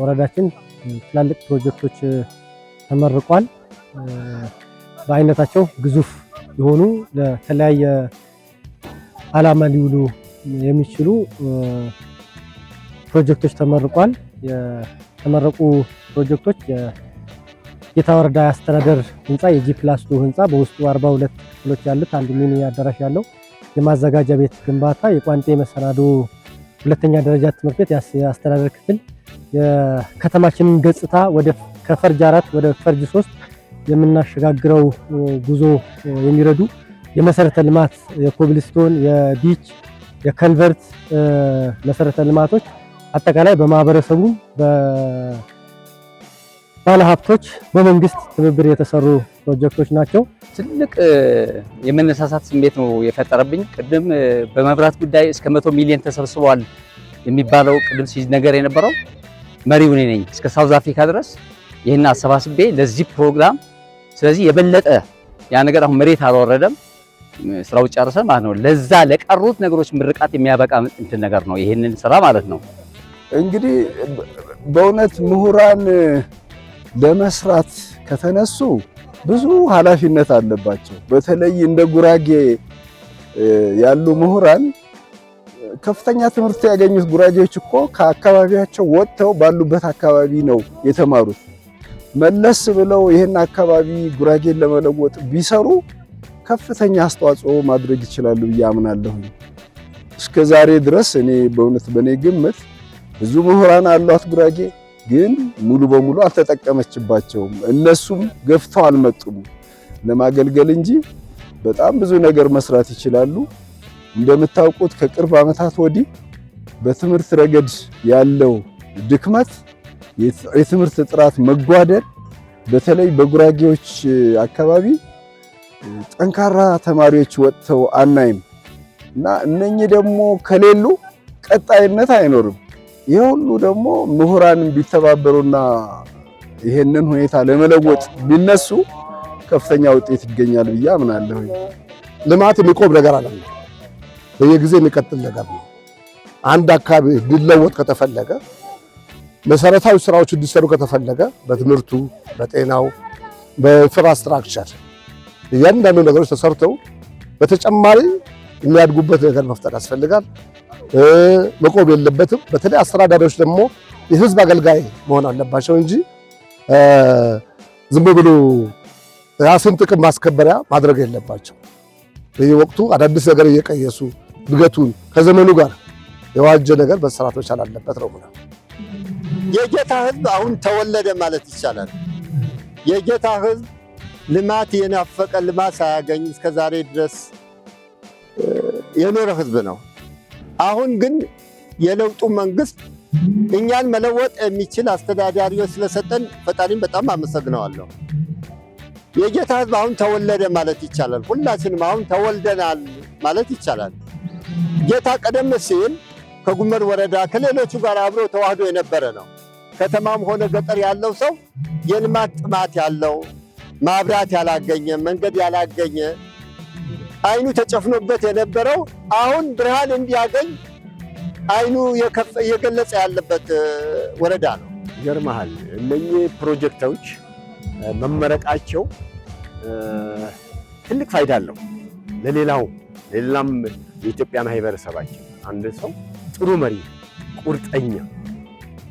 ወረዳችን ትላልቅ ፕሮጀክቶች ተመርቋል። በአይነታቸው ግዙፍ የሆኑ ለተለያየ ዓላማ ሊውሉ የሚችሉ ፕሮጀክቶች ተመርቋል። የተመረቁ ፕሮጀክቶች የጌታ ወረዳ አስተዳደር ህንፃ የጂ ፕላስ ቱ ህንፃ በውስጡ 42 ክፍሎች ያሉት አንድ ሚኒ አዳራሽ ያለው የማዘጋጃ ቤት ግንባታ፣ የቋንጤ መሰናዶ ሁለተኛ ደረጃ ትምህርት ቤት የአስተዳደር ክፍል የከተማችንን ገጽታ ወደ ከፈርጅ አራት ወደ ፈርጅ ሶስት የምናሸጋግረው ጉዞ የሚረዱ የመሰረተ ልማት የኮብልስቶን፣ የቢች፣ የከልቨርት መሰረተ ልማቶች አጠቃላይ በማህበረሰቡ ባለሀብቶች በመንግስት ትብብር የተሰሩ ፕሮጀክቶች ናቸው። ትልቅ የመነሳሳት ስሜት ነው የፈጠረብኝ። ቅድም በመብራት ጉዳይ እስከ መቶ ሚሊዮን ተሰብስቧል የሚባለው ቅድም ሲነገር የነበረው መሪው እኔ ነኝ እስከ ሳውዝ አፍሪካ ድረስ ይህን አሰባስቤ ለዚህ ፕሮግራም። ስለዚህ የበለጠ ያ ነገር አሁን መሬት አልወረደም፣ ስራው ጨርሰ ማለት ነው። ለዛ ለቀሩት ነገሮች ምርቃት የሚያበቃ እንትን ነገር ነው ይህንን ስራ ማለት ነው። እንግዲህ በእውነት ምሁራን ለመስራት ከተነሱ ብዙ ኃላፊነት አለባቸው። በተለይ እንደ ጉራጌ ያሉ ምሁራን ከፍተኛ ትምህርት ያገኙት ጉራጌዎች እኮ ከአካባቢያቸው ወጥተው ባሉበት አካባቢ ነው የተማሩት። መለስ ብለው ይህን አካባቢ ጉራጌን ለመለወጥ ቢሰሩ ከፍተኛ አስተዋጽኦ ማድረግ ይችላሉ ብዬ አምናለሁ። እስከ ዛሬ ድረስ እኔ በእውነት በእኔ ግምት ብዙ ምሁራን አሏት ጉራጌ። ግን ሙሉ በሙሉ አልተጠቀመችባቸውም። እነሱም ገፍተው አልመጡም ለማገልገል እንጂ በጣም ብዙ ነገር መስራት ይችላሉ። እንደምታውቁት ከቅርብ ዓመታት ወዲህ በትምህርት ረገድ ያለው ድክመት፣ የትምህርት ጥራት መጓደል በተለይ በጉራጌዎች አካባቢ ጠንካራ ተማሪዎች ወጥተው አናይም እና እነኚህ ደግሞ ከሌሉ ቀጣይነት አይኖርም። ይህ ሁሉ ደግሞ ምሁራን ቢተባበሩና ይሄንን ሁኔታ ለመለወጥ ቢነሱ ከፍተኛ ውጤት ይገኛል ብዬ አምናለሁ። ልማት የሚቆም ነገር አለም፣ በየጊዜ የሚቀጥል ነገር ነው። አንድ አካባቢ ሊለወጥ ከተፈለገ መሰረታዊ ስራዎች እንዲሰሩ ከተፈለገ በትምህርቱ፣ በጤናው፣ በኢንፍራስትራክቸር እያንዳንዱ ነገሮች ተሰርተው በተጨማሪ የሚያድጉበት ነገር መፍጠር ያስፈልጋል። መቆም የለበትም። በተለይ አስተዳዳሪዎች ደግሞ የህዝብ አገልጋይ መሆን አለባቸው እንጂ ዝም ብሎ ራስን ጥቅም ማስከበሪያ ማድረግ የለባቸው። በየወቅቱ አዳዲስ ነገር እየቀየሱ እድገቱን ከዘመኑ ጋር የዋጀ ነገር መሰራት መቻል አለበት ነው የጌታ ህዝብ አሁን ተወለደ ማለት ይቻላል። የጌታ ህዝብ ልማት የናፈቀ ልማት ሳያገኝ እስከ ዛሬ ድረስ የኖረ ህዝብ ነው። አሁን ግን የለውጡ መንግስት እኛን መለወጥ የሚችል አስተዳዳሪዎች ስለሰጠን ፈጣሪም በጣም አመሰግነዋለሁ። የጌታ ህዝብ አሁን ተወለደ ማለት ይቻላል። ሁላችንም አሁን ተወልደናል ማለት ይቻላል። ጌታ ቀደም ሲል ከጉመር ወረዳ ከሌሎቹ ጋር አብሮ ተዋህዶ የነበረ ነው። ከተማም ሆነ ገጠር ያለው ሰው የልማት ጥማት ያለው ማብራት ያላገኘ መንገድ ያላገኘ አይኑ ተጨፍኖበት የነበረው አሁን ብርሃን እንዲያገኝ አይኑ እየገለጸ ያለበት ወረዳ ነው። ይገርመሃል እነኚህ ፕሮጀክቶች መመረቃቸው ትልቅ ፋይዳ አለው። ለሌላው ሌላም የኢትዮጵያ ማህበረሰባችን አንድ ሰው ጥሩ መሪ፣ ቁርጠኛ፣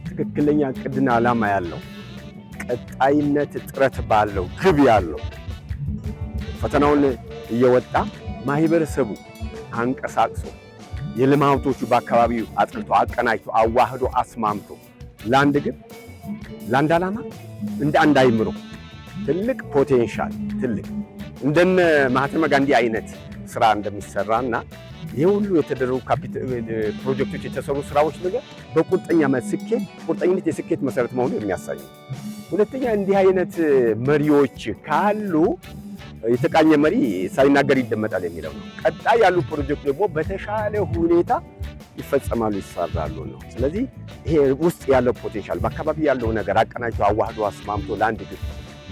ትክክለኛ ቅድና ዓላማ ያለው ቀጣይነት ጥረት ባለው ግብ ያለው ፈተናውን እየወጣ ማህበረሰቡ አንቀሳቅሶ የልማቶቹ በአካባቢው አጥርቶ አቀናጅቶ አዋህዶ አስማምቶ ለአንድ ግብ ለአንድ ዓላማ እንደ አንድ አይምሮ ትልቅ ፖቴንሻል ትልቅ እንደነ ማህተመ ጋንዲ አይነት ስራ እንደሚሰራ እና ይህ ሁሉ የተደረጉ ፕሮጀክቶች የተሰሩ ስራዎች ነገር በቁርጠኛ ስኬት ቁርጠኝነት የስኬት መሰረት መሆኑ የሚያሳይ ነው። ሁለተኛ እንዲህ አይነት መሪዎች ካሉ የተቃኘ መሪ ሳይናገር ይደመጣል የሚለው ነው። ቀጣይ ያሉ ፕሮጀክት ደግሞ በተሻለ ሁኔታ ይፈጸማሉ፣ ይሰራሉ ነው። ስለዚህ ይሄ ውስጥ ያለው ፖቴንሻል በአካባቢ ያለው ነገር አቀናጅቶ አዋህዶ አስማምቶ ለአንድ ግብ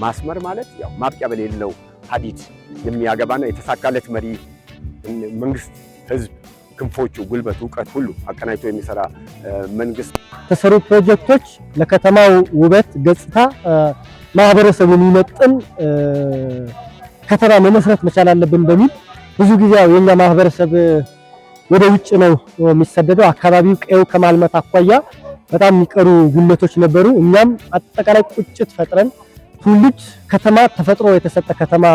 ማስመር ማለት ያው ማብቂያ በሌለው ሀዲድ የሚያገባና የተሳካለት መሪ መንግስት፣ ህዝብ፣ ክንፎቹ፣ ጉልበት፣ እውቀት ሁሉ አቀናጅቶ የሚሰራ መንግስት ተሰሩ ፕሮጀክቶች ለከተማው ውበት ገጽታ ማህበረሰቡን ይመጥን ከተማ መመስረት መቻል አለብን በሚል ብዙ ጊዜ ያው የኛ ማህበረሰብ ወደ ውጭ ነው የሚሰደደው። አካባቢው ቀዩ ከማልማት አኳያ በጣም የሚቀሩ ጉለቶች ነበሩ። እኛም አጠቃላይ ቁጭት ፈጥረን ትውልድ ከተማ ተፈጥሮ የተሰጠ ከተማ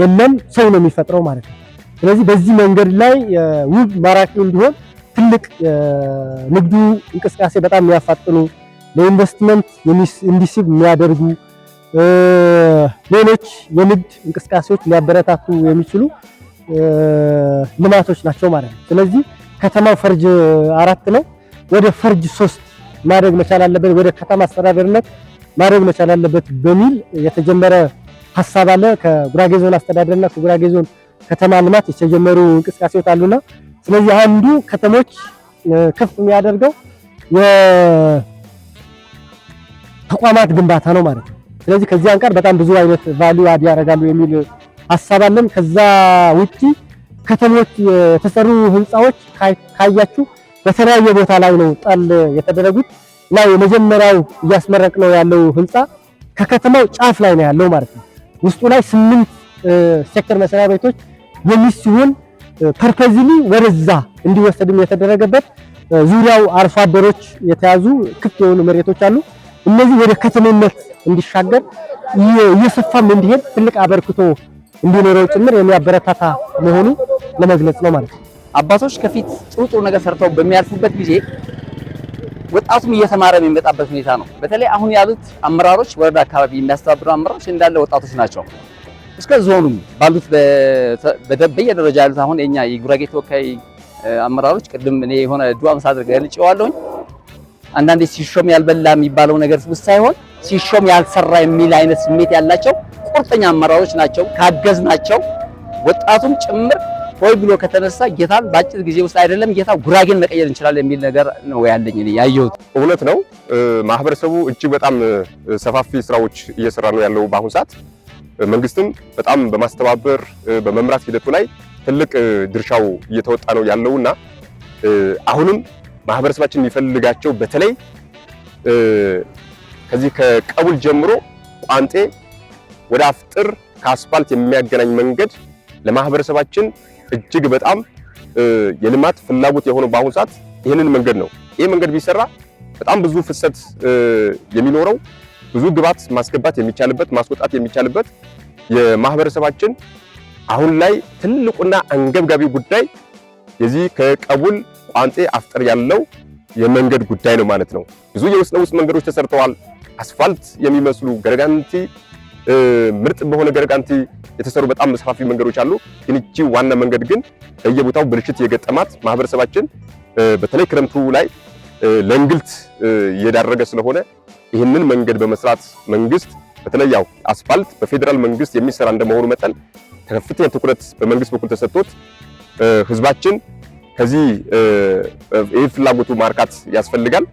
የለም፣ ሰው ነው የሚፈጥረው ማለት ነው። ስለዚህ በዚህ መንገድ ላይ ውብ ማራኪ እንዲሆን ትልቅ ንግዱ እንቅስቃሴ በጣም የሚያፋጥኑ ለኢንቨስትመንት እንዲስብ የሚያደርጉ ሌሎች የንግድ እንቅስቃሴዎች ሊያበረታቱ የሚችሉ ልማቶች ናቸው ማለት ነው። ስለዚህ ከተማው ፈርጅ አራት ነው፣ ወደ ፈርጅ ሶስት ማድረግ መቻል አለበት፣ ወደ ከተማ አስተዳደርነት ማድረግ መቻል አለበት በሚል የተጀመረ ሀሳብ አለ። ከጉራጌ ዞን አስተዳደርና ከጉራጌ ዞን ከተማ ልማት የተጀመሩ እንቅስቃሴዎች አሉና ስለዚህ አንዱ ከተሞች ከፍ የሚያደርገው የተቋማት ግንባታ ነው ማለት ነው። ስለዚህ ከዚህ አንጻር በጣም ብዙ አይነት ቫልዩ አድ ያደርጋሉ የሚል ሀሳብ አለን። ከዛ ውጪ ከተሞች የተሰሩ ህንፃዎች ካያችሁ በተለያየ ቦታ ላይ ነው ጣል የተደረጉት እና የመጀመሪያው እያስመረቅ ነው ያለው ህንፃ ከከተማው ጫፍ ላይ ነው ያለው ማለት ነው። ውስጡ ላይ ስምንት ሴክተር መስሪያ ቤቶች የሚስ ሲሆን ፐርፐዝሊ ወደዛ እንዲወሰድም የተደረገበት ዙሪያው አርሶ አደሮች የተያዙ ክፍት የሆኑ መሬቶች አሉ። እነዚህ ወደ ከተሜነት እንዲሻገር እየሰፋም እንዲሄድ ትልቅ አበርክቶ እንዲኖረው ጭምር የሚያበረታታ መሆኑ ለመግለጽ ነው ማለት ነው። አባቶች ከፊት ጥሩ ጥሩ ነገር ሰርተው በሚያልፉበት ጊዜ ወጣቱም እየተማረ የሚመጣበት ሁኔታ ነው። በተለይ አሁን ያሉት አመራሮች ወረዳ አካባቢ የሚያስተባብሩ አመራሮች እንዳለ ወጣቶች ናቸው። እስከ ዞኑም ባሉት በየደረጃ ያሉት አሁን የኛ የጉራጌ ተወካይ አመራሮች ቅድም እኔ የሆነ ድዋ ምሳ አድርገ አንዳንዴ ሲሾም ያልበላ የሚባለው ነገር ውስጥ ሳይሆን ሲሾም ያልሰራ የሚል አይነት ስሜት ያላቸው ቁርጠኛ አመራሮች ናቸው። ካገዝ ናቸው ወጣቱም ጭምር ሆይ ብሎ ከተነሳ ጌታን በአጭር ጊዜ ውስጥ አይደለም ጌታ ጉራጌን መቀየር እንችላለን የሚል ነገር ነው ያለኝ ያየሁት። እውነት ነው። ማህበረሰቡ እጅግ በጣም ሰፋፊ ስራዎች እየሰራ ነው ያለው በአሁኑ ሰዓት። መንግስትም በጣም በማስተባበር በመምራት ሂደቱ ላይ ትልቅ ድርሻው እየተወጣ ነው ያለው እና አሁንም ማህበረሰባችን የሚፈልጋቸው በተለይ ከዚህ ከቀቡል ጀምሮ ቋንጤ ወደ አፍጥር ከአስፋልት የሚያገናኝ መንገድ ለማህበረሰባችን እጅግ በጣም የልማት ፍላጎት የሆነው በአሁኑ ሰዓት ይህንን መንገድ ነው። ይህ መንገድ ቢሰራ በጣም ብዙ ፍሰት የሚኖረው ብዙ ግብዓት ማስገባት የሚቻልበት ማስወጣት የሚቻልበት የማህበረሰባችን አሁን ላይ ትልቁና አንገብጋቢ ጉዳይ የዚህ ከቀቡል ቋንጤ አፍጥር ያለው የመንገድ ጉዳይ ነው ማለት ነው። ብዙ የውስጥ ለውስጥ መንገዶች ተሰርተዋል። አስፋልት የሚመስሉ ገረጋንቲ ምርጥ በሆነ ገረጋንቲ የተሰሩ በጣም ሰፋፊ መንገዶች አሉ። ግን እቺ ዋና መንገድ ግን በየቦታው ብልሽት የገጠማት ማህበረሰባችን በተለይ ክረምቱ ላይ ለእንግልት እየዳረገ ስለሆነ ይህንን መንገድ በመስራት መንግስት በተለይ ያው አስፋልት በፌዴራል መንግስት የሚሰራ እንደመሆኑ መጠን ከፍተኛ ትኩረት በመንግስት በኩል ተሰጥቶት ህዝባችን ከዚህ ይህ ፍላጎቱ ማርካት ያስፈልጋል።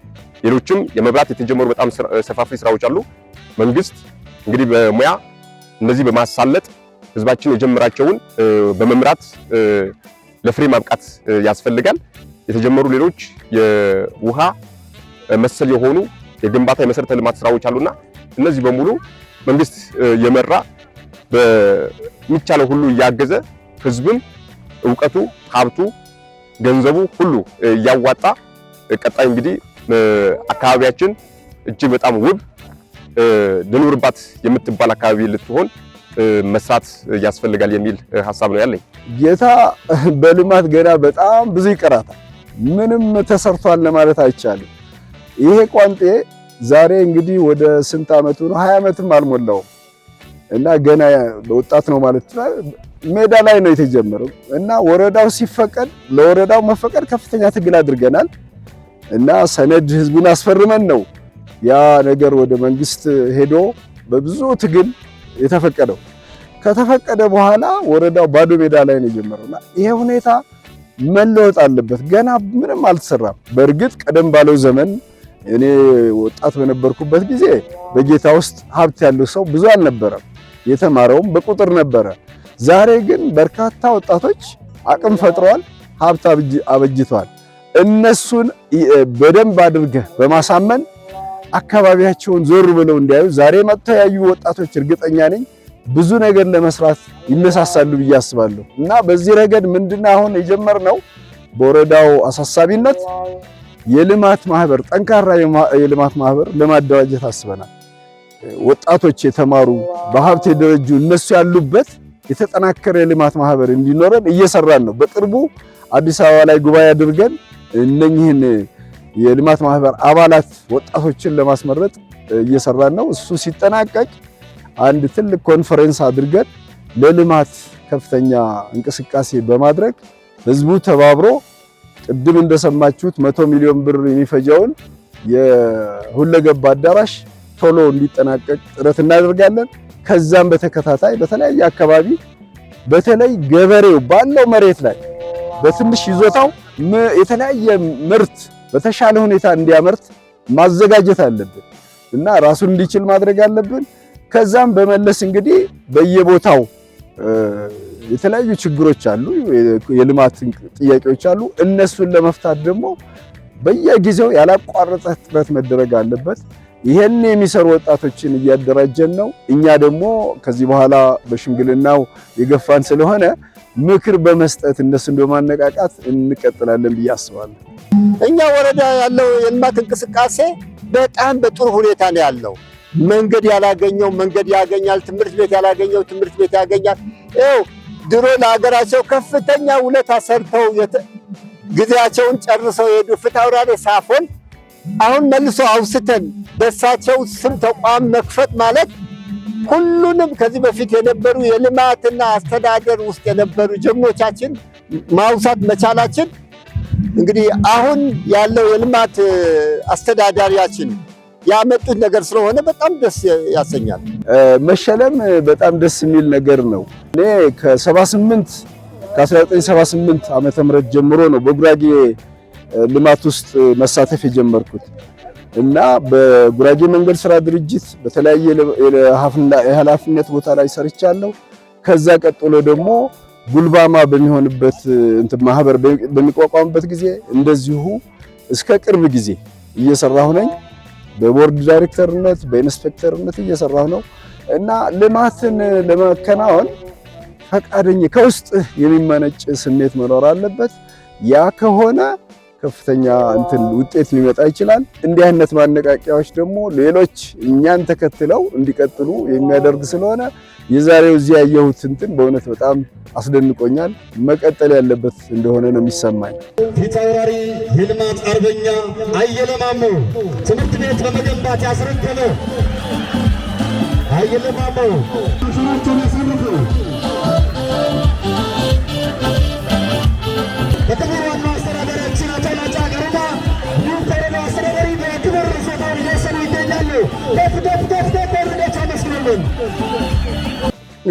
ሌሎችም የመብራት የተጀመሩ በጣም ሰፋፊ ስራዎች አሉ። መንግስት እንግዲህ በሙያ እነዚህ በማሳለጥ ህዝባችን የጀመራቸውን በመምራት ለፍሬ ማብቃት ያስፈልጋል። የተጀመሩ ሌሎች የውሃ መሰል የሆኑ የግንባታ የመሰረተ ልማት ስራዎች አሉና እነዚህ በሙሉ መንግስት የመራ በሚቻለው ሁሉ እያገዘ ህዝብም እውቀቱ፣ ሀብቱ፣ ገንዘቡ ሁሉ እያዋጣ ቀጣይ እንግዲህ አካባቢያችን እጅግ በጣም ውብ ልኑርባት የምትባል አካባቢ ልትሆን መስራት ያስፈልጋል የሚል ሀሳብ ነው ያለኝ። ጌታ በልማት ገና በጣም ብዙ ይቀራታል። ምንም ተሰርቷል ለማለት አይቻልም። ይሄ ቋንጤ ዛሬ እንግዲህ ወደ ስንት ዓመቱ ነው? ሀያ ዓመትም አልሞላውም እና ገና ወጣት ነው ማለት ሜዳ ላይ ነው የተጀመረው እና ወረዳው ሲፈቀድ ለወረዳው መፈቀድ ከፍተኛ ትግል አድርገናል። እና ሰነድ ህዝቡን አስፈርመን ነው ያ ነገር ወደ መንግስት ሄዶ በብዙ ትግል የተፈቀደው። ከተፈቀደ በኋላ ወረዳው ባዶ ሜዳ ላይ ነው የጀመረውና ይሄ ሁኔታ መለወጥ አለበት። ገና ምንም አልተሰራም። በእርግጥ ቀደም ባለው ዘመን እኔ ወጣት በነበርኩበት ጊዜ በጌታ ውስጥ ሀብት ያለው ሰው ብዙ አልነበረም። የተማረውም በቁጥር ነበረ። ዛሬ ግን በርካታ ወጣቶች አቅም ፈጥረዋል፣ ሀብት አበጅተዋል። እነሱን በደንብ አድርገህ በማሳመን አካባቢያቸውን ዞር ብለው እንዲያዩ ዛሬ መጥተው ያዩ ወጣቶች እርግጠኛ ነኝ ብዙ ነገር ለመስራት ይነሳሳሉ ብዬ አስባለሁ። እና በዚህ ረገድ ምንድነው አሁን የጀመርነው በወረዳው አሳሳቢነት የልማት ማህበር ጠንካራ የልማት ማህበር ለማደራጀት አስበናል። ወጣቶች የተማሩ በሀብት የደረጁ እነሱ ያሉበት የተጠናከረ የልማት ማህበር እንዲኖረን እየሰራን ነው። በቅርቡ አዲስ አበባ ላይ ጉባኤ አድርገን እነኚህን የልማት ማህበር አባላት ወጣቶችን ለማስመረጥ እየሰራን ነው። እሱ ሲጠናቀቅ አንድ ትልቅ ኮንፈረንስ አድርገን ለልማት ከፍተኛ እንቅስቃሴ በማድረግ ህዝቡ ተባብሮ ቅድም እንደሰማችሁት መቶ ሚሊዮን ብር የሚፈጀውን የሁለገብ አዳራሽ ቶሎ እንዲጠናቀቅ ጥረት እናደርጋለን። ከዛም በተከታታይ በተለያየ አካባቢ በተለይ ገበሬው ባለው መሬት ላይ በትንሽ ይዞታው የተለያየ ምርት በተሻለ ሁኔታ እንዲያመርት ማዘጋጀት አለብን እና ራሱን እንዲችል ማድረግ አለብን። ከዛም በመለስ እንግዲህ በየቦታው የተለያዩ ችግሮች አሉ፣ የልማት ጥያቄዎች አሉ። እነሱን ለመፍታት ደግሞ በየጊዜው ያላቋረጠ ጥረት መደረግ አለበት። ይህን የሚሰሩ ወጣቶችን እያደራጀን ነው። እኛ ደግሞ ከዚህ በኋላ በሽምግልናው የገፋን ስለሆነ ምክር በመስጠት እነሱን በማነቃቃት እንቀጥላለን ብዬ አስባለሁ። እኛ ወረዳ ያለው የልማት እንቅስቃሴ በጣም በጥሩ ሁኔታ ነው ያለው። መንገድ ያላገኘው መንገድ ያገኛል። ትምህርት ቤት ያላገኘው ትምህርት ቤት ያገኛል። ይኸው ድሮ ለሀገራቸው ከፍተኛ ውለታ ሰርተው ጊዜያቸውን ጨርሰው የሄዱ ፊታውራሪ ሳፎን አሁን መልሶ አውስተን በእሳቸው ስም ተቋም መክፈት ማለት ሁሉንም ከዚህ በፊት የነበሩ የልማትና አስተዳደር ውስጥ የነበሩ ጀግኖቻችን ማውሳት መቻላችን እንግዲህ አሁን ያለው የልማት አስተዳዳሪያችን ያመጡት ነገር ስለሆነ በጣም ደስ ያሰኛል። መሸለም በጣም ደስ የሚል ነገር ነው። እኔ ከ78 ከ1978 ዓ ምህረት ጀምሮ ነው በጉራጌ ልማት ውስጥ መሳተፍ የጀመርኩት። እና በጉራጌ መንገድ ስራ ድርጅት በተለያየ የኃላፊነት ቦታ ላይ ሰርቻለሁ። ከዛ ቀጥሎ ደግሞ ጉልባማ በሚሆንበት እንትን ማህበር በሚቋቋምበት ጊዜ እንደዚሁ እስከ ቅርብ ጊዜ እየሰራሁ ነኝ። በቦርድ ዳይሬክተርነት በኢንስፔክተርነት እየሰራሁ ነው እና ልማትን ለማከናወን ፈቃደኝ ከውስጥ የሚመነጭ ስሜት መኖር አለበት። ያ ከሆነ ከፍተኛ እንትን ውጤት ሊመጣ ይችላል። እንዲህ አይነት ማነቃቂያዎች ደግሞ ሌሎች እኛን ተከትለው እንዲቀጥሉ የሚያደርግ ስለሆነ የዛሬው እዚህ ያየሁት እንትን በእውነት በጣም አስደንቆኛል። መቀጠል ያለበት እንደሆነ ነው የሚሰማኝ። ፊት አውራሪ የልማት አርበኛ አየለ ማሞ ትምህርት ቤት በመገንባት ያስረከበ አየለ ማሞ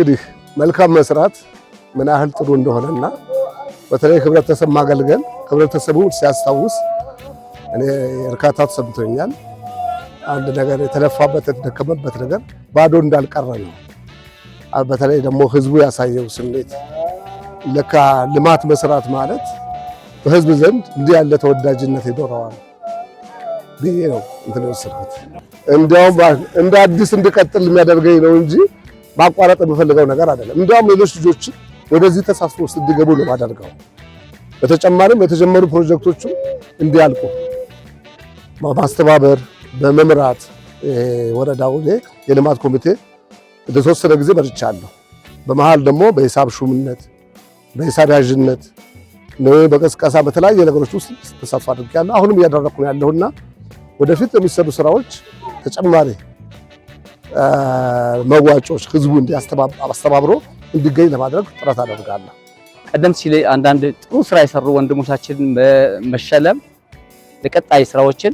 እንግዲህ መልካም መስራት ምን ያህል ጥሩ እንደሆነና በተለይ ህብረተሰብ ማገልገል ህብረተሰቡ ሲያስታውስ እኔ እርካታ ተሰምቶኛል። አንድ ነገር የተለፋበት የተደከመበት ነገር ባዶ እንዳልቀረ ነው። በተለይ ደግሞ ህዝቡ ያሳየው ስሜት ለካ ልማት መስራት ማለት በህዝብ ዘንድ እንዲህ ያለ ተወዳጅነት ይኖረዋል ብዬ ነው እንትን ወሰድኩት። እንዲያውም እንደ አዲስ እንድቀጥል የሚያደርገኝ ነው እንጂ ማቋረጥ የምፈልገው ነገር አይደለም። እንዲያውም ሌሎች ልጆች ወደዚህ ተሳስፎ ውስጥ እንዲገቡ ነው የማደርገው። በተጨማሪም የተጀመሩ ፕሮጀክቶቹ እንዲያልቁ ማስተባበር በመምራት ወረዳው የልማት ኮሚቴ ለተወሰነ ጊዜ መርቻለሁ። በመሃል ደግሞ በሂሳብ ሹምነት፣ በሂሳብ ያዥነት፣ በቀስቀሳ በተለያየ ነገሮች ውስጥ ተሳትፎ አድርጌያለሁ። አሁንም እያደረግኩ ነው ያለሁና ወደፊት የሚሰሩ ስራዎች ተጨማሪ መዋጮች ህዝቡ አስተባብሮ እንዲገኝ ለማድረግ ጥረት አደርጋለሁ። ቀደም ሲል አንዳንድ ጥሩ ስራ የሰሩ ወንድሞቻችን መሸለም ለቀጣይ ስራዎችን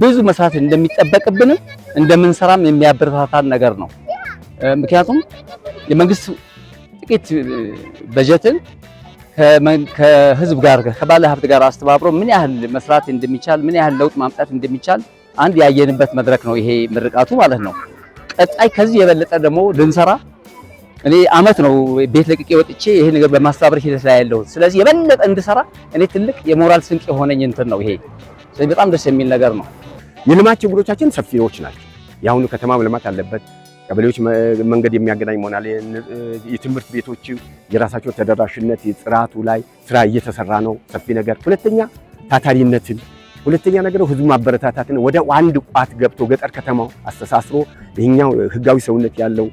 ብዙ መስራት እንደሚጠበቅብንም እንደምንሰራም የሚያበረታታን ነገር ነው። ምክንያቱም የመንግስት ጥቂት በጀትን ከህዝብ ጋር ከባለ ሀብት ጋር አስተባብሮ ምን ያህል መስራት እንደሚቻል ምን ያህል ለውጥ ማምጣት እንደሚቻል አንድ ያየንበት መድረክ ነው ይሄ ምርቃቱ ማለት ነው። ቀጣይ ከዚህ የበለጠ ደግሞ ልንሰራ እኔ አመት ነው ቤት ለቅቄ ወጥቼ ይሄ ነገር በማስተባበር ሂደት ላይ ያለሁት። ስለዚህ የበለጠ እንድሰራ እኔ ትልቅ የሞራል ስንቅ የሆነኝ እንትን ነው ይሄ። ስለዚህ በጣም ደስ የሚል ነገር ነው። የልማት ችግሮቻችን ሰፊዎች ናቸው። የአሁኑ ከተማ ልማት አለበት። ቀበሌዎች መንገድ የሚያገናኝ መሆናል። የትምህርት ቤቶች የራሳቸው ተደራሽነት የጥራቱ ላይ ስራ እየተሰራ ነው። ሰፊ ነገር። ሁለተኛ ታታሪነትን ሁለተኛ ነገር ህዝቡ ማበረታታትን ወደ አንድ ቋት ገብቶ ገጠር ከተማው አስተሳስሮ ይህኛው ህጋዊ ሰውነት ያለው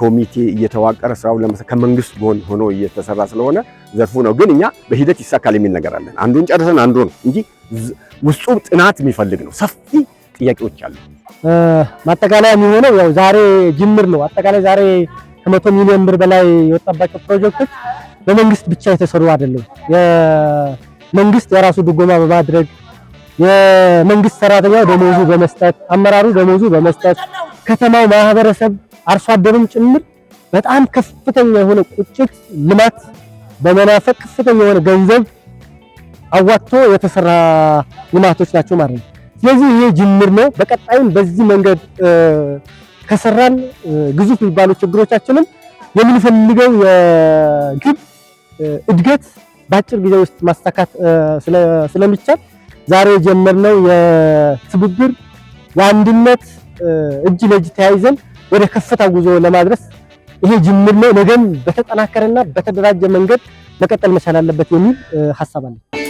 ኮሚቴ እየተዋቀረ ስራው ከመንግስት ጎን ሆኖ እየተሰራ ስለሆነ ዘርፉ ነው። ግን እኛ በሂደት ይሳካል የሚል ነገር አለን። አንዱን ጨርሰን አንዱ ነው እንጂ ውስጡ ጥናት የሚፈልግ ነው። ሰፊ ጥያቄዎች አሉ። ማጠቃለያ የሚሆነው ያው ዛሬ ጅምር ነው። አጠቃላይ ዛሬ ከመቶ ሚሊዮን ብር በላይ የወጣባቸው ፕሮጀክቶች በመንግስት ብቻ የተሰሩ አይደለም። መንግስት የራሱ ድጎማ በማድረግ የመንግስት ሰራተኛው ደሞዙ በመስጠት አመራሩ ደሞዙ በመስጠት ከተማው ማህበረሰብ አርሶ አደሩም ጭምር በጣም ከፍተኛ የሆነ ቁጭት ልማት በመናፈቅ ከፍተኛ የሆነ ገንዘብ አዋጥቶ የተሰራ ልማቶች ናቸው ማለት ነው። ስለዚህ ይሄ ጅምር ነው። በቀጣይም በዚህ መንገድ ከሰራን ግዙፍ የሚባሉ ችግሮቻችንም የምንፈልገው የግብ እድገት በአጭር ጊዜ ውስጥ ማስተካከል ስለሚቻል ዛሬ የጀመርነው የትብብር የአንድነት እጅ ለእጅ ተያይዘን ወደ ከፍታ ጉዞ ለማድረስ ይሄ ጅምር ነው። ነገም በተጠናከረና በተደራጀ መንገድ መቀጠል መቻል አለበት የሚል ሀሳብ አለ።